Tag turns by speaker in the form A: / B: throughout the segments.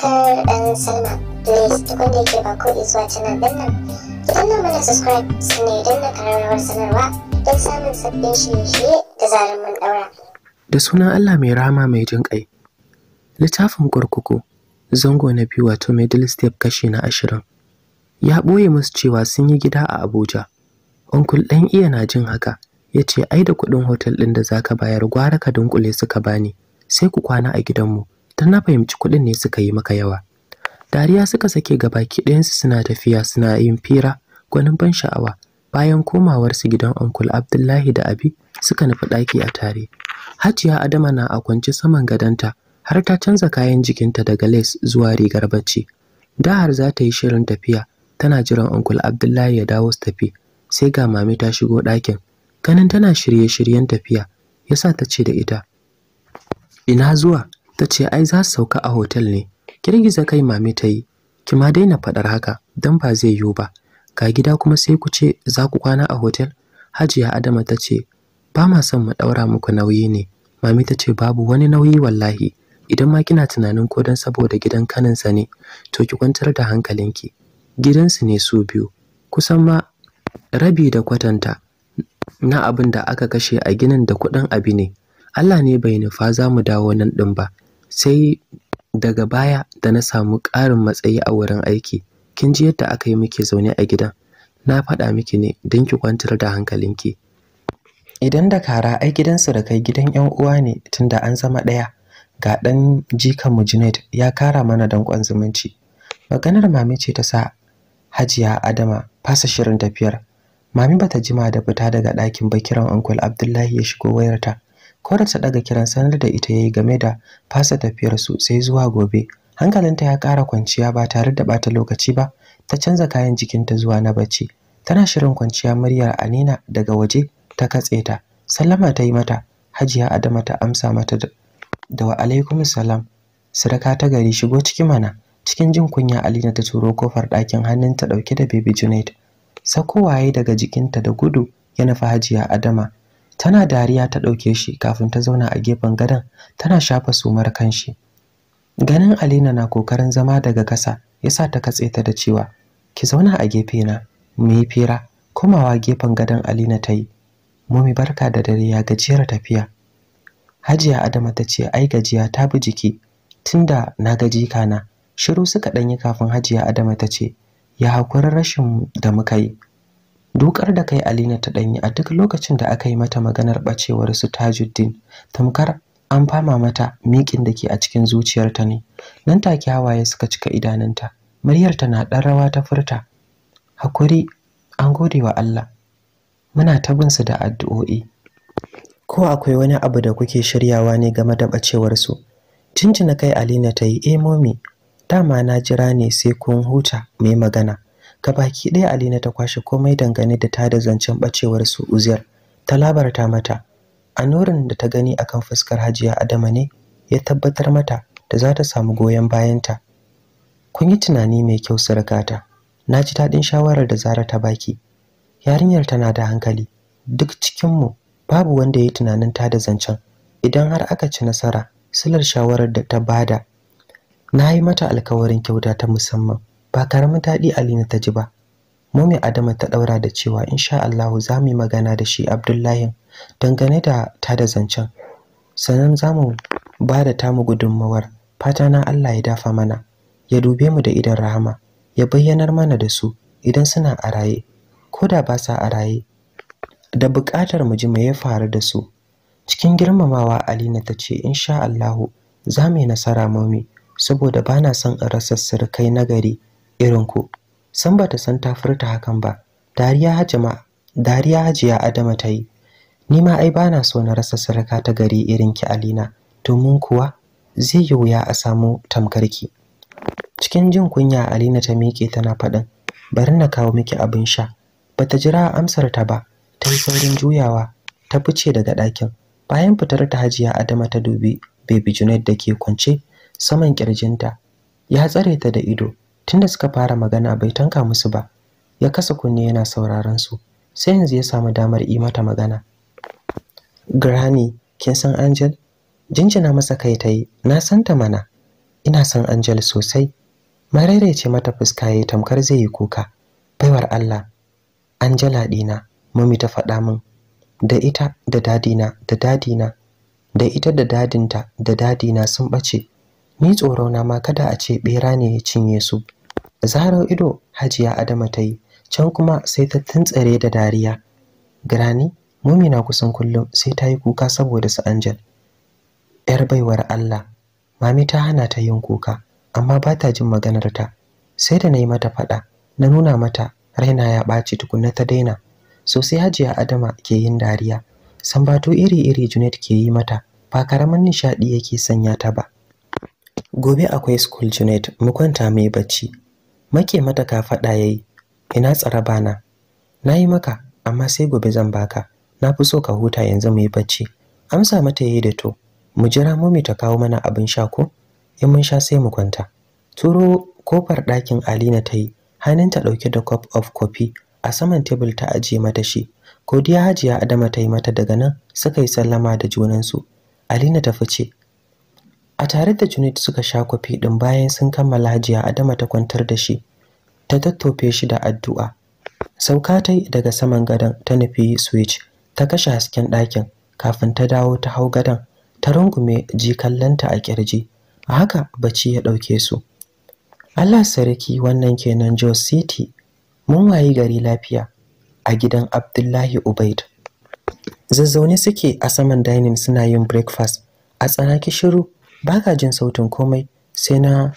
A: subscribe and sign up. da yake subscribe sanarwa don samun sabbin da sunan Allah mai rama mai jin ƙai. Littafin kurkuku zango na biyu wato middle step kashi na ashirin. Ya ɓoye musu cewa sun yi gida a Abuja. Onkul ɗan iya na jin haka ya ce ai da kuɗin hotel ɗin da za ka bayar gwara ka dunkule suka bani sai ku kwana a gidanmu. don na fahimci kuɗin ne suka yi maka yawa dariya suka sake ga gabaki ɗayansu suna tafiya suna yin fira gwanin ban sha'awa bayan komawarsu gidan onkul abdullahi da abi suka nufi ɗaki a tare hajiya adama na a kwance saman gadonta har ta canza kayan jikinta daga lace zuwa rigar bacci da har za ta yi shirin tafiya tana jiran onkul abdullahi ya dawo su tafi sai ga mami ta shigo ɗakin ganin tana shirye-shiryen tafiya yasa ta ce da ita ina zuwa ta ce ai za su sauka a hotel ne girgiza kai mami ta yi ki ma daina faɗar haka don ba zai yiwu ba ga gida kuma sai ku ce za ku kwana a hotel hajiya adama ta ce ba ma son mu ɗaura muku nauyi ne mami ta ce babu wani nauyi wallahi idan ma kina tunanin ko don saboda gidan kaninsa ne to ki kwantar da hankalinki gidansu ne su biyu kusan ma rabi da kwatanta na abin da aka kashe a ginin da kuɗin abi ne Allah ne bai nufa za mu dawo nan ɗin ba sai daga baya da na samu ƙarin matsayi a wurin aiki kin ji yadda aka yi miki zaune a gidan na faɗa miki ne don ki kwantar da hankalinki idan da kara ai gidan surukai gidan yan uwa ne tunda an zama ɗaya ga ɗan mu Junaid ya kara mana danƙon zumunci maganar mami ce ta sa Hajiya Adama fasa shirin tafiyar mami bata jima da fita daga ɗakin bakiran kiran Uncle Abdullahi ya shigo wayarta Kora ta daga kiran sanar da ita yayi game da fasa tafiyar su sai zuwa gobe. Hankalinta ya kara kwanciya ba tare da bata lokaci ba, ta canza kayan jikinta zuwa na bacci. Tana shirin kwanciya muryar Anina daga waje ta katse ta. Sallama ta yi mata, Hajiya Adama ta amsa mata da wa alaikum salam. Sadaka ta gari shigo cikin mana. Cikin jin kunya Alina ta turo kofar ɗakin hannunta ɗauke da Baby Junaid. Sakowaye daga jikinta da gudu ya nufi Hajiya Adama tana dariya ta ɗauke shi kafin ta zauna a gefen gadon tana shafa sumar kanshi ganin alina na kokarin zama daga kasa yasa ta katse ta da cewa ki zauna a gefe na mu yi fira komawa gefen gadon alina ta yi mumi barka da dare ya gajiyar tafiya hajiya adama ta ce ai gajiya ta bi jiki tunda na gaji kana shiru suka ɗanyi kafin hajiya adama ta ce ya hakurin rashin da muka yi Dukar da kai Alina ta ɗanyi a duk lokacin da aka yi mata maganar ɓacewar su Tajuddin, tamkar an fama mata miƙin da ke a cikin zuciyarta ne. Nan take hawaye suka cika idanunta, muryar ta na ɗan rawa ta furta. Hakuri, an gode wa Allah. Muna ta bin su da addu'o'i. Ko akwai wani abu da kuke shiryawa ne game da ɓacewarsu? su? Cincina kai Alina ta yi, eh mommy dama na jira ne sai kun huta mai magana. Gabaki ɗaya Alina ta kwashe komai dangane da ta da zancen ɓacewar su uziyar, Ta labarta mata. A nurin da ta gani akan fuskar Hajiya Adama ne ya tabbatar mata da za ta samu goyon bayanta. Kun yi tunani mai kyau surukata. Na ji daɗin shawarar da Zara ta baki. Yarinyar tana da hankali. Duk cikin mu babu wanda ya yi tunanin ta da zancen. Idan har aka ci nasara, silar shawarar da ta bada na yi mata alkawarin kyauta ta musamman ba karamin daɗi Alina ta ji ba Mummy Adama ta ɗaura da cewa insha Allahu za mu yi magana da shi Abdullahi dangane da ta da zancen sannan zamu ba da tamu gudunmawar fata na Allah ya dafa mana ya dube mu da idan rahama ya bayyanar mana da su idan suna a raye ko da ba sa a raye da buƙatar mu ji me ya faru da su cikin girmamawa Alina ta ce insha Allahu za mu yi nasara mami saboda bana son in rasa sirkai na gari irin ku san bata san ta furta hakan ba dariya hajima dariya hajiya adama ta yi ni ma ai bana so na rasa sarka ta gari irin ki alina domin kuwa zai yi wuya a samu tamkarki cikin jin kunya alina ta miƙe tana faɗin bari na kawo miki abin sha bata jira amsar ta ba ta yi saurin juyawa ta fice daga ɗakin bayan fitar ta hajiya adama ta dubi bebi junaid da ke kwance saman kirjinta ya tsare ta da ido tunda suka fara magana bai tanka musu ba ya kasa kunne yana sauraron su sai yanzu ya samu damar yi mata magana Granny kin san Angel jinjina masa kai ta na san ta mana ina san Angel sosai mararece mata fuska ya tamkar zai yi kuka baiwar Allah Angela dina mami ta faɗa min da ita da dadina da dadina da ita da dadinta da dadina sun bace. ni tsoro na ma kada a ce bera ne ya cinye su zarar ido hajiya adama ta yi can kuma sai ta tuntsare da dariya Girani, mumina kusan kullum sai ta yi kuka saboda su anjal yar baiwar allah mami ta hana ta yin kuka amma ba ta jin maganar ta sai da na yi mata faɗa na nuna mata raina ya ɓaci tukunna ta daina sosai hajiya adama ke yin dariya sambato iri-iri junet ke yi mata ba karamin nishaɗi yake sanya ta ba gobe akwai school junet mu kwanta mai bacci make mata ka faɗa yayi ina tsaraba na nayi maka amma sai gobe zan baka na fi so ka huta yanzu mu yi bacci amsa mata yayi da to mu jira mami ta kawo mana abin sha ko in mun sha sai mu kwanta turo kofar ɗakin alina ta yi ta ɗauke da cup of coffee a saman tebul ta ajiye mata shi godiya hajiya adama ta yi mata daga nan suka yi sallama da junansu alina ta fice a tare da Junaid suka sha kwafi din bayan sun kammala hajiya Adama ta kwantar da shi ta tattofe shi da addu'a sauka ta daga saman gadon ta nufi switch ta kashe hasken ɗakin kafin ta dawo ta hau gadon ta rungume jikallanta a kirji a haka bacci ya ɗauke su Allah sarki wannan kenan Jos City mun wayi gari lafiya a gidan Abdullahi Ubaid zazzaune suke a saman dining suna yin breakfast a tsanaki shiru ba ka jin sautin komai sai na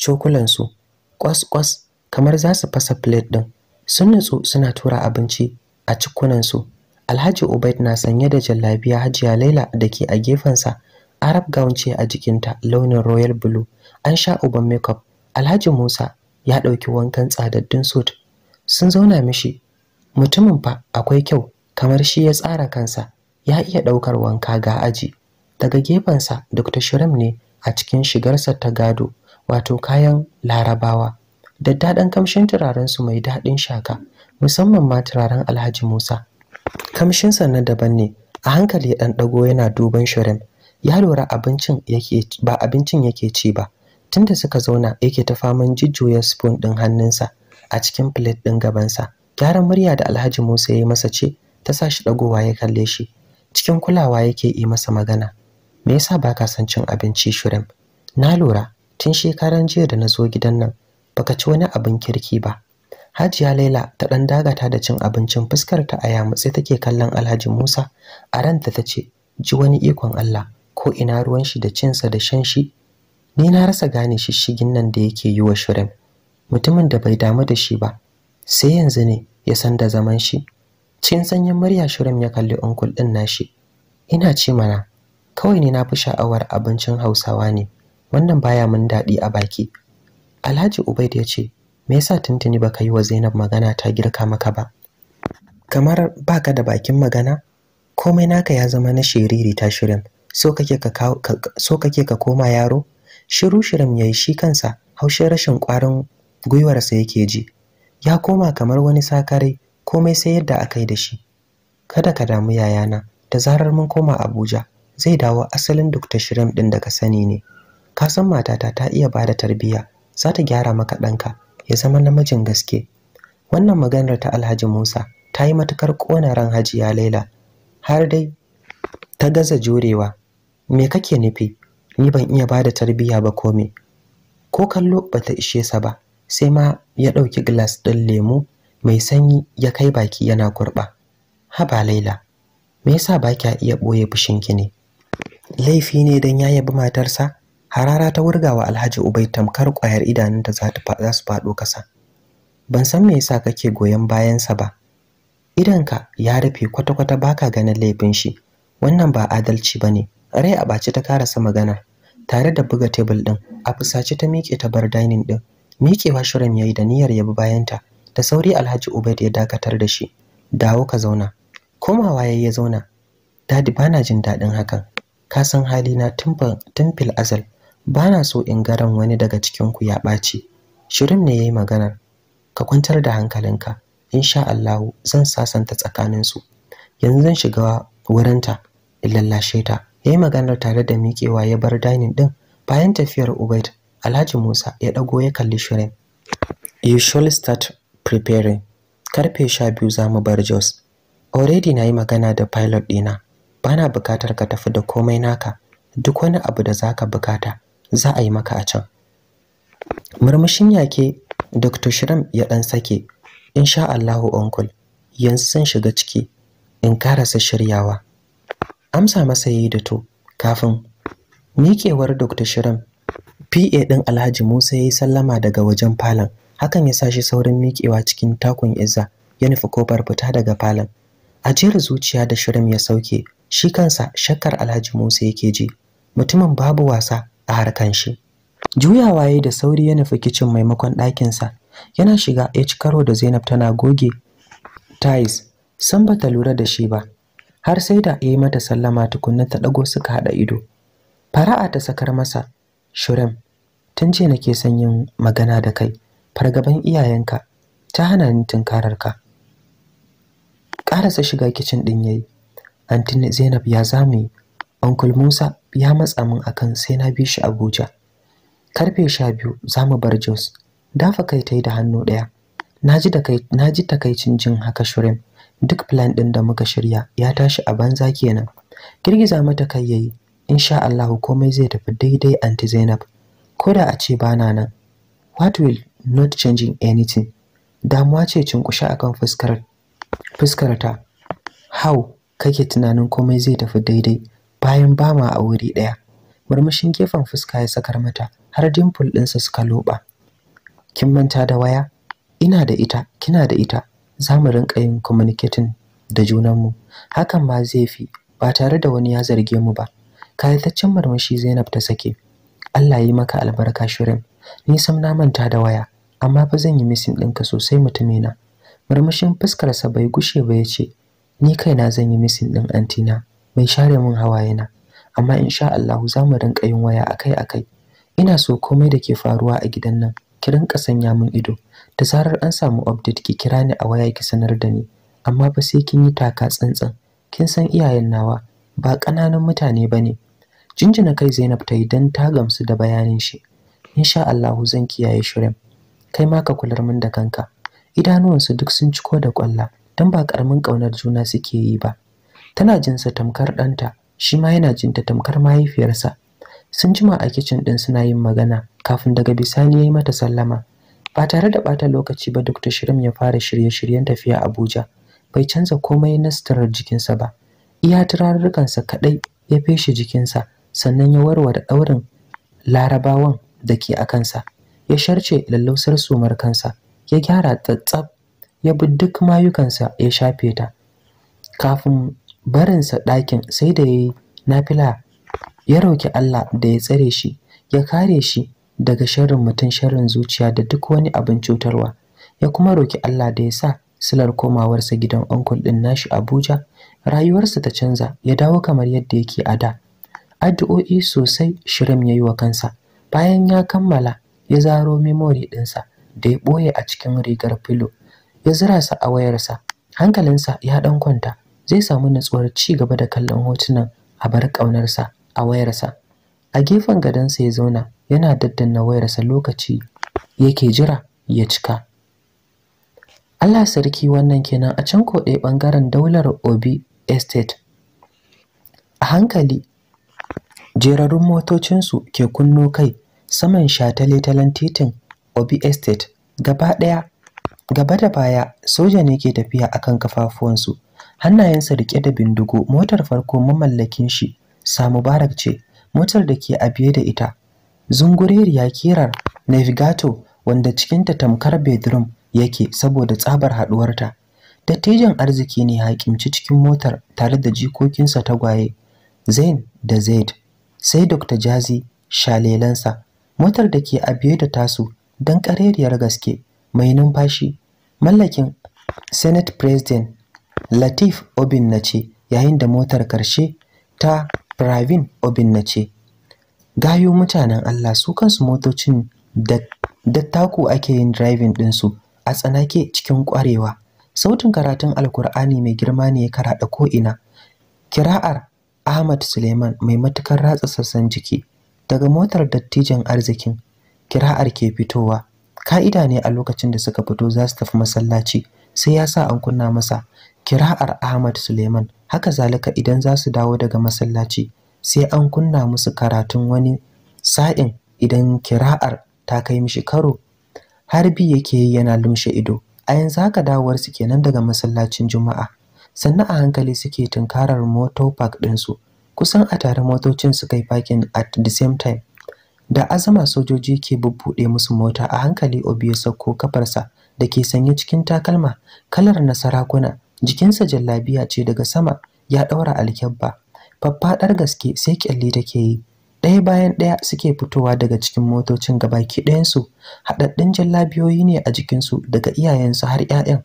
A: cokulansu kwas-kwas kamar za su fasa plate ɗin sun nutsu suna tura abinci a cikunansu alhaji ubaid na sanye da jallabiya hajiya laila da ke a gefensa arab gown ce a jikinta launin royal blue an sha uban makeup alhaji musa ya ɗauki wankan tsadaddun suit sun zauna mishi mutumin fa akwai kyau kamar shi ya tsara kansa ya iya ɗaukar wanka ga aji daga gefensa dr shirim ne a cikin shigarsa ta gado wato kayan larabawa daddaɗan kamshin turarensu mai daɗin shaka musamman ma turaren alhaji musa kamshinsa na daban ne a hankali ɗan ɗago yana duban shirin ya lura abincin yake ba abincin yake ci ba tunda suka zauna yake ta faman jujjuya spoon ɗin hannunsa a cikin plate ɗin gabansa gyaran murya da alhaji musa ya yi masa ce ta sa shi ɗagowa ya kalle shi cikin kulawa yake yi masa magana me yasa baka son cin abinci shirin na lura tun shekaran jiya da na zo gidan nan baka ci wani abin kirki ba Hajiya Laila ta dan dagata da cin abincin fuskar ta a yamutse take kallon Alhaji Musa a ranta ta ce ji wani ikon Allah ko ina ruwan shi da cinsa da shan shi ni na rasa gane shishigin nan da yake yi wa shirin mutumin da bai damu da shi ba sai yanzu ne ya san da zaman shi cin sanyin murya shirin ya kalli onkul din nashi ina ce mana kawai ne na fi sha'awar abincin hausawa ne wannan baya min daɗi a baki alhaji ubaid ya ce me yasa tuntuni baka yi wa zainab magana ta girka maka ba kamar baka da bakin magana komai naka ya zama na shiriri ta shirin so kake ka koma yaro shiru shirin yi shi kansa haushin rashin ƙwarin gwiwarsa yake ji ya koma kamar wani sakare komai sai yadda aka yi da shi kada ka damu yayana da zarar mun koma abuja zai dawo asalin Dr. shirim din da ka sani ne. Ka san matata ta iya bada tarbiyya, za ta gyara maka ɗanka ya zama namijin gaske. Wannan maganar ta Alhaji Musa ta yi matukar ƙona ran Hajiya Laila har dai ta gaza jurewa. Me kake nufi? Ni ban iya bada tarbiyya ba kome. Ko kallo ba ta ishe sa ba, sai ma ya ɗauki glass ɗin lemu mai sanyi ya kai baki yana kurɓa. Haba Laila, me yasa ba kya iya ɓoye fushinki ne? laifi ne don ya yabi matarsa harara ta wurgawa alhaji ubai tamkar ƙwayar idanunta za su faɗo kasa ban san me yasa kake goyon bayansa ba idanka ya rufe kwata-kwata baka ganin laifin shi wannan ba adalci bane rai a baci ta karasa magana tare da buga tebul din a fusace ta miƙe ta bar dining din miƙewa shirin yayi da niyyar yabi bayanta da sauri Alhaji Ubaid ya dakatar da shi dawo ka zauna komawa yayi ya zauna dadi bana jin dadin hakan ka san halina tun fil azal ba na so in garan wani daga cikinku ya ɓaci shirin ne ya yi maganar ka kwantar da hankalinka insha Allahu zan sasanta tsakaninsu yanzu zan shiga wurinta in lallashe ta ya yi maganar tare da miƙewa ya bar dainin ɗin bayan tafiyar ubaid alhaji musa ya ɗago ya kalli shirin you should start preparing karfe sha biyu za mu bar jos already na yi magana da pilot ɗina bana bukatar ka tafi da komai naka duk wani abu da zaka bukata za a yi maka a can murmushin yake Dr. shiram ya dan sake insha Allahu uncle yanzu sun shiga ciki in karasa shiryawa amsa masa yayi da to kafin miƙewar Dr. shiram PA din Alhaji Musa yayi sallama daga wajen falon hakan ya sa shi saurin miƙewa cikin takun izza ya nufi kofar fita daga falon ajiyar zuciya da shirin ya sauke shi kansa shakkar Alhaji Musa yake ji mutumin babu wasa a harkan shi juyawa yayi da sauri ya nufi kicin maimakon ɗakinsa yana shiga ya ci karo da Zainab tana goge tais san bata lura da shi ba har sai da ya yi mata sallama tukunna ta ɗago suka haɗa ido fara'a ta sakar masa shurem tun ce nake son yin magana da kai fargaban iyayenka ta hana ni tunkararka ƙarasa shiga kicin ɗin yayi antin Zainab ya zame Uncle Musa ya matsa min akan sai na bi shi Abuja karfe sha biyu za mu bar Jos dafa kai ta yi da hannu ɗaya na ji takaicin jin haka shirin duk plan ɗin da muka shirya ya tashi a banza kenan girgiza mata kai yayi insha Allah komai zai tafi daidai anti Zainab ko da a ce bana nan what will not changing anything damuwa ce cinkushe akan fuskar fuskarta how kake tunanin komai zai tafi daidai bayan ba ma a wuri ɗaya murmushin gefen fuska ya sakar mata har dimple ɗinsa suka loɓa kin manta da waya ina da ita kina da ita za mu rinka yin communicating da junanmu hakan ma zai fi ba tare da wani ya zarge mu ba kayataccen murmushi zainab ta sake allah yi maka albarka shirin ni sam na manta da waya amma fa zan yi misin ɗinka sosai mutumina murmushin fuskarsa bai gushe ba ya ce ni kaina zan yi misin ɗin antina mai share min hawayena amma insha Allah za mu rinka yin waya akai-akai ina so komai da ke faruwa a gidan nan ki rinka sanya min ido da zarar an samu update ki kira ni a waya ki sanar da ni amma ba sai kin yi taka tsantsan kin san iyayen nawa ba ƙananan mutane ba ne jinjina kai Zainab ta yi don ta gamsu da bayanin shi insha Allah zan kiyaye shirin kai ma ka kular min da kanka idanuwansu duk sun ciko da kwalla don ba ƙaramin ƙaunar juna suke yi ba tana jinsa tamkar ɗanta shi ma yana jinta tamkar mahaifiyarsa sun jima a kicin ɗin suna yin magana kafin daga bisani ya yi mata sallama ba tare da ɓata lokaci ba dr shirim ya fara shirye-shiryen tafiya abuja bai canza komai na suturar jikinsa ba iya turarurrukansa kaɗai ya feshe jikinsa sannan ya warware ɗaurin larabawan da ke a kansa ya sharce lallausar sumar kansa ya gyara ta tsab ya bi duk mayukansa ya shafe ta kafin barinsa ɗakin sai da ya yi nafila ya roƙi Allah da ya tsare shi ya kare shi daga sharrin mutum sharrin zuciya da duk wani abin cutarwa ya kuma roƙi Allah da ya sa silar komawarsa gidan onkul ɗin nashi Abuja rayuwarsa ta canza ya dawo kamar yadda yake a da addu'o'i sosai shirin ya yi wa kansa bayan ya kammala ya zaro memory ɗinsa da ya ɓoye a cikin rigar filo ya zira sa a wayarsa hankalinsa ya ɗan kwanta zai samu natsuwar ci gaba da kallon hotunan a bar ƙaunarsa a wayarsa a gefen gadonsa ya zauna yana daddanna wayarsa lokaci yake jira ya cika Allah sarki wannan kenan a can koɗe ɓangaren daular Obi Estate. A hankali, jerarun motocinsu ke kunno kai saman shataletalen titin Obi Estate gaba ɗaya gaba da baya soja ne ke tafiya a akan kafafuwansu hannayensa rike da bindigo motar farko mamallakin shi samu barak ce motar da ke a biye da ita zungureriya kirar navigato wanda cikinta tamkar bedroom yake saboda tsabar haduwarta dattijan arziki ne hakimci cikin motar tare da jikokinsa tagwaye zain da zaid sai dr jazi shalelansa motar da ke a biye da tasu don ƙarerriyar gaske mai numfashi mallakin senate president latif obin na ce yayin da motar karshe ta pravin obin na ce gayo mutanen allah su kansu motocin da taku ake yin driving ɗinsu a tsanake cikin ƙwarewa sautin karatun alkur'ani mai girma ne ya karaɗa ko'ina kira'ar ahmad suleiman mai matukar ratsa sassan jiki daga motar dattijan arzikin kira'ar ke fitowa ka'ida ne a lokacin da suka fito za su tafi masallaci sai ya sa an kunna masa kira'ar Ahmad Suleiman haka zalika idan za su dawo daga masallaci sai an kunna musu karatun wani sa'in idan kira'ar ta kai mishi karo harbi yake yi yana lumshe ido a yanzu haka dawowar su kenan daga masallacin juma'a sannan a hankali suke tunkarar moto park ɗinsu kusan a tare motocin su kai parking at the same time da azama sojoji ke bubbuɗe musu mota a hankali obi ko sauko kafarsa da ke sanye cikin takalma kalar na sarakuna jikinsa jallabiya ce daga sama ya ɗaura alkyabba faffaɗar gaske sai ƙyalli take yi ɗaya bayan ɗaya suke fitowa daga cikin motocin gabaki ɗayansu haɗaɗɗun jallabiyoyi ne a jikinsu daga iyayensu har 'ya'yan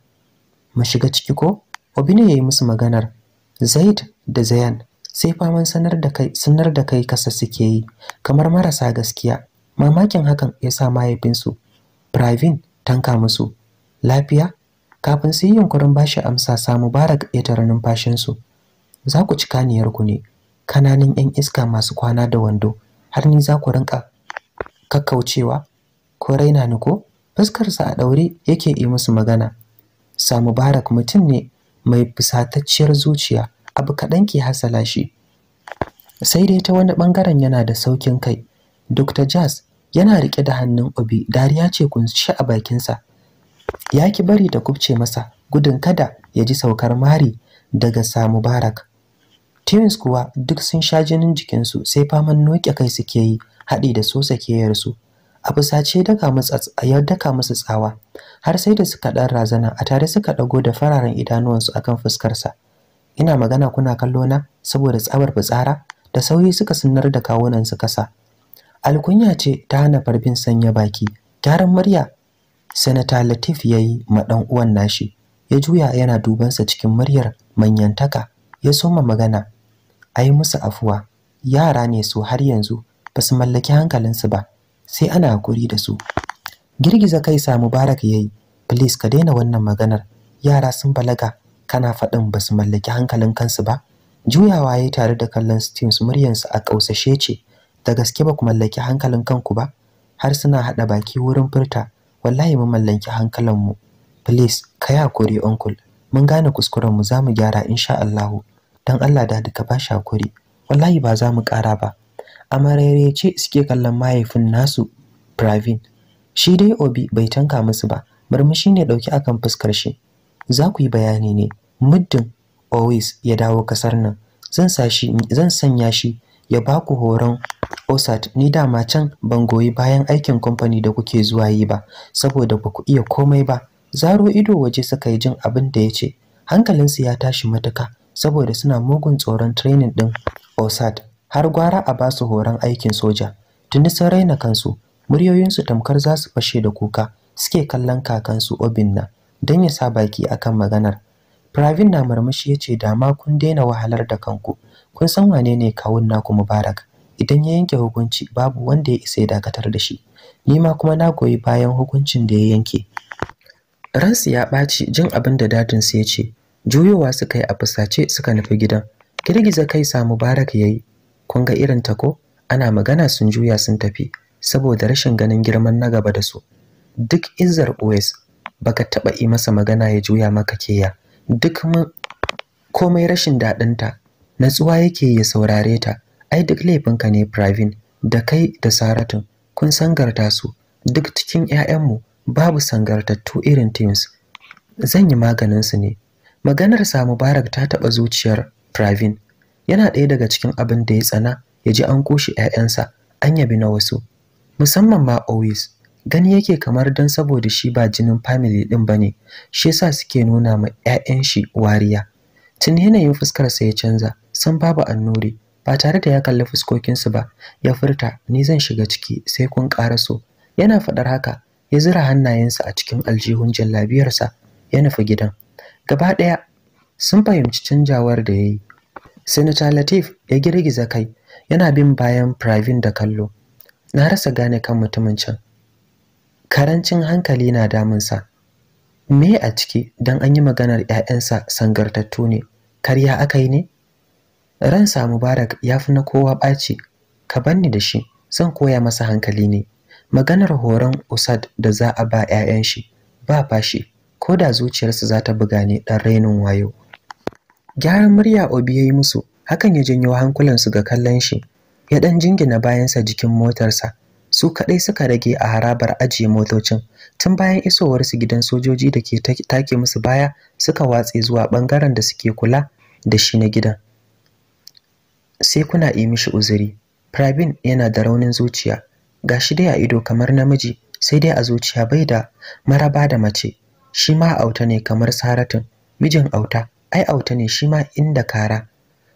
A: mu shiga ciki ko obi ne ya yi musu maganar zaid da zayan sai faman sanar da kai sanar da kai kasa suke yi kamar marasa gaskiya mamakin hakan ya sa mahaifinsu Pravin tanka musu lafiya kafin su yi yunkurin bashi amsa sa Mubarak ya tara numfashinsu za ku ci kaniyarku ne kananan 'yan iska masu kwana da wando har ni za ku rinka kakkaucewa ko raina ni ko fuskarsa a ɗaure yake yi musu magana sa Mubarak mutum ne mai fusatacciyar zuciya abu kaɗan ke hasala shi sai dai ta wani ɓangaren yana da saukin kai dr jazz yana riƙe da hannun obi dariya ce kunshi a bakinsa ya ki bari da kubce masa gudun kada ya ji saukar mari daga sa mubarak twins kuwa duk sun sha jinin jikinsu sai faman noke kai suke yi haɗi da sosa yarsu. a fusace ya daka musu tsawa har sai da suka ɗan razana a tare suka ɗago da fararen idanuwansu a kan fuskarsa ina magana kuna kallo na saboda tsabar fitsara da sauyi suka sanar da kawunan su kasa alkunya ce ta hana farbin sanya baki gyaran murya sanata latif yayi ma dan uwan nashi ya juya yana dubansa cikin muryar manyantaka ya soma magana a musu afuwa yara ne su har yanzu ba su mallaki hankalinsu ba sai ana hakuri da su girgiza kai sa mubarak ya yi please ka daina wannan maganar yara sun balaga kana faɗin ba su mallaki hankalin kansu ba juyawa ya tare da kallon steams muryarsa a ƙausashe ce da gaske ba ku mallaki hankalin kanku ba har suna haɗa baki wurin furta wallahi mu mallaki hankalinmu please ka yi hakuri uncle mun gane kuskuren mu zamu gyara insha allahu dan Allah da duka ba shi hakuri wallahi ba za mu ƙara ba amarere ce suke kallon mahaifin nasu Pravin shi dai Obi bai tanka musu ba murmushi ne ɗauki akan fuskar shi za ku yi bayani ne muddin always ya dawo kasar nan zan sashi zan sanya shi ya ba ku horon osat ni dama can ban goyi bayan aikin kamfani da kuke zuwa yi ba saboda ba ku iya komai ba zaro ido waje suka yi jin abin da ya ce hankalinsu ya tashi matuka saboda suna mugun tsoron training din osat har gwara a ba su horon aikin soja tuni sun raina kansu muryoyinsu tamkar za su fashe da kuka suke kallon kakansu obinna don ya sa baki akan maganar Pravin na murmushi ya ce dama kun daina wahalar da kanku. Kun san wane ne kawun naku Mubarak. Idan ya yanke hukunci babu wanda ya isa ya dakatar da shi. Ni ma kuma na goyi bayan hukuncin da ya yanke. Ransu ya ɓaci jin abin da dadinsu ya ce. Juyowa suka yi a fusace suka nufi gidan. Girgiza kai sa Mubarak ya yi. Kun ga irin ta ko? Ana magana sun juya sun tafi saboda rashin ganin girman na gaba da su. Duk izzar OS baka taɓa yi masa magana ya juya maka keya. duk komai rashin daɗinta natsuwa yake ya saurare ta ai duk laifinka ne Pravin da kai da Saratun kun sangarta su duk cikin 'ya'yanmu babu sangartattu irin Teams zan yi maganin su ne maganar sa Mubarak ta taɓa zuciyar Pravin yana ɗaya daga cikin abin da ya tsana ya ji an kushe 'ya'yansa an yabi na wasu musamman ma Owis gani yake kamar dan saboda shi ba jinin family din bane shi yasa suke nuna ma ƴaƴan shi wariya tun yanayin fuskar sa ya canza san babu annuri ba tare da ya kalli fuskokin su ba ya furta ni zan shiga ciki sai kun karaso yana fadar haka ya zura hannayensa a cikin aljihun jallabiyarsa ya nufi gidan gaba daya sun fahimci canjawar da yayi Senator Latif ya girgiza kai yana bin bayan Pravin da kallo na rasa gane kan mutumin can karancin hankali na damunsa me a ciki don an yi maganar 'ya'yansa sangartattu ne karya aka yi ne ransa mubarak ya fi na kowa ɓaci ka banni da shi zan koya masa hankali ne maganar horon usad da za a ba 'ya'yan shi ba fashi ko da zuciyarsa za ta buga ne ɗan rainin wayo gyaran murya obi ya yi musu hakan ya janyo hankulansu ga kallon shi ya ɗan jingina bayansa jikin motarsa su kaɗai suka rage a harabar ajiye motocin tun bayan isowarsu gidan sojoji da ke take musu baya suka watse zuwa ɓangaren da suke kula da shi na gidan sai kuna yi mishi uzuri Pravin yana da raunin zuciya Ga shi dai a ido kamar namiji sai dai a zuciya bai da maraba da mace shi ma auta ne kamar saratun mijin auta ai auta ne shi ma inda kara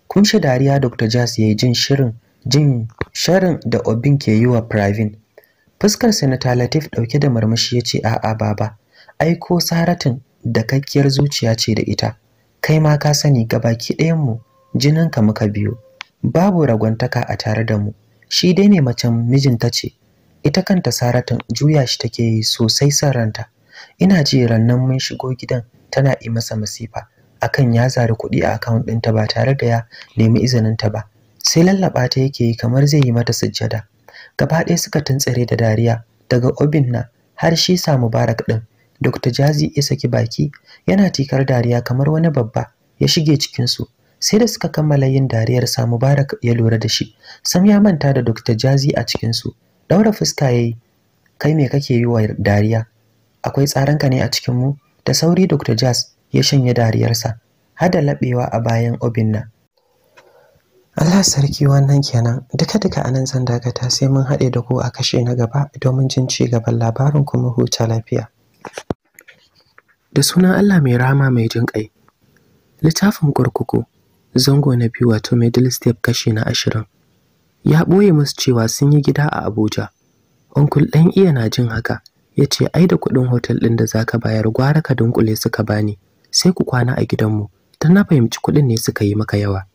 A: kun shi dariya dr jazz ya yi jin shirin jin sharin da obin ke yi wa pravin fuskar senator latif ɗauke da marmashi ya ce a'a baba Aiko saratin da kakkiyar zuciya ce da ita kai ma ka sani gabaki ɗayanmu jininka muka biyo babu ragwantaka a tare da mu shi dai ne macen mijinta ce ita kanta saratin juya shi take yi sosai saranta ina ji rannan mun shigo gidan tana yi masa masifa akan ya zari kuɗi a akawun ɗinta ba tare da ya nemi izininta ba sai lallaba ta yake yi kamar zai yi mata sujjada gaba ɗaya suka tuntsare da dariya daga obinna har shi sa mubarak ɗin dr jazi ya saki baki yana tikar dariya kamar wani babba ya shige cikin su sai da suka kammala yin dariyar sa mubarak ya lura da shi sam ya manta da dr jazi a cikin su ɗaura fuska yayi kai me kake yi wa dariya akwai tsaranka ne a cikin mu da sauri dr jaz ya shanye dariyarsa har da laɓewa a bayan obinna Allah sarki wannan kenan duka duka anan zan dakata sai mun haɗe da ku a kashe na gaba domin jin ci gaban labarin kuma huta lafiya da sunan Allah mai rama mai jin ƙai littafin kurkuku zango na biyu wato middle step kashi na ashirin ya ɓoye musu cewa sun yi gida a Abuja onkul ɗan iya na jin haka ya ce ai da kuɗin hotel ɗin da zaka bayar gwara ka dunkule suka bani sai ku kwana a gidanmu don na fahimci kuɗin ne suka yi maka yawa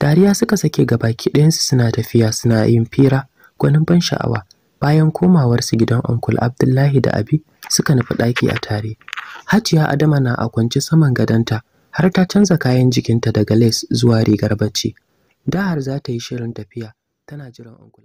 A: Dariya suka sake gabaki ɗayansu suna tafiya suna yin fira gwanin ban sha'awa. Bayan komawarsu gidan Uncle Abdullahi da Abi suka nufi ɗaki a tare. Hajiya Adama na a kwance saman gadonta har ta canza kayan jikinta daga lace zuwa rigar bacci. Dahar za ta yi shirin tafiya tana jiran Uncle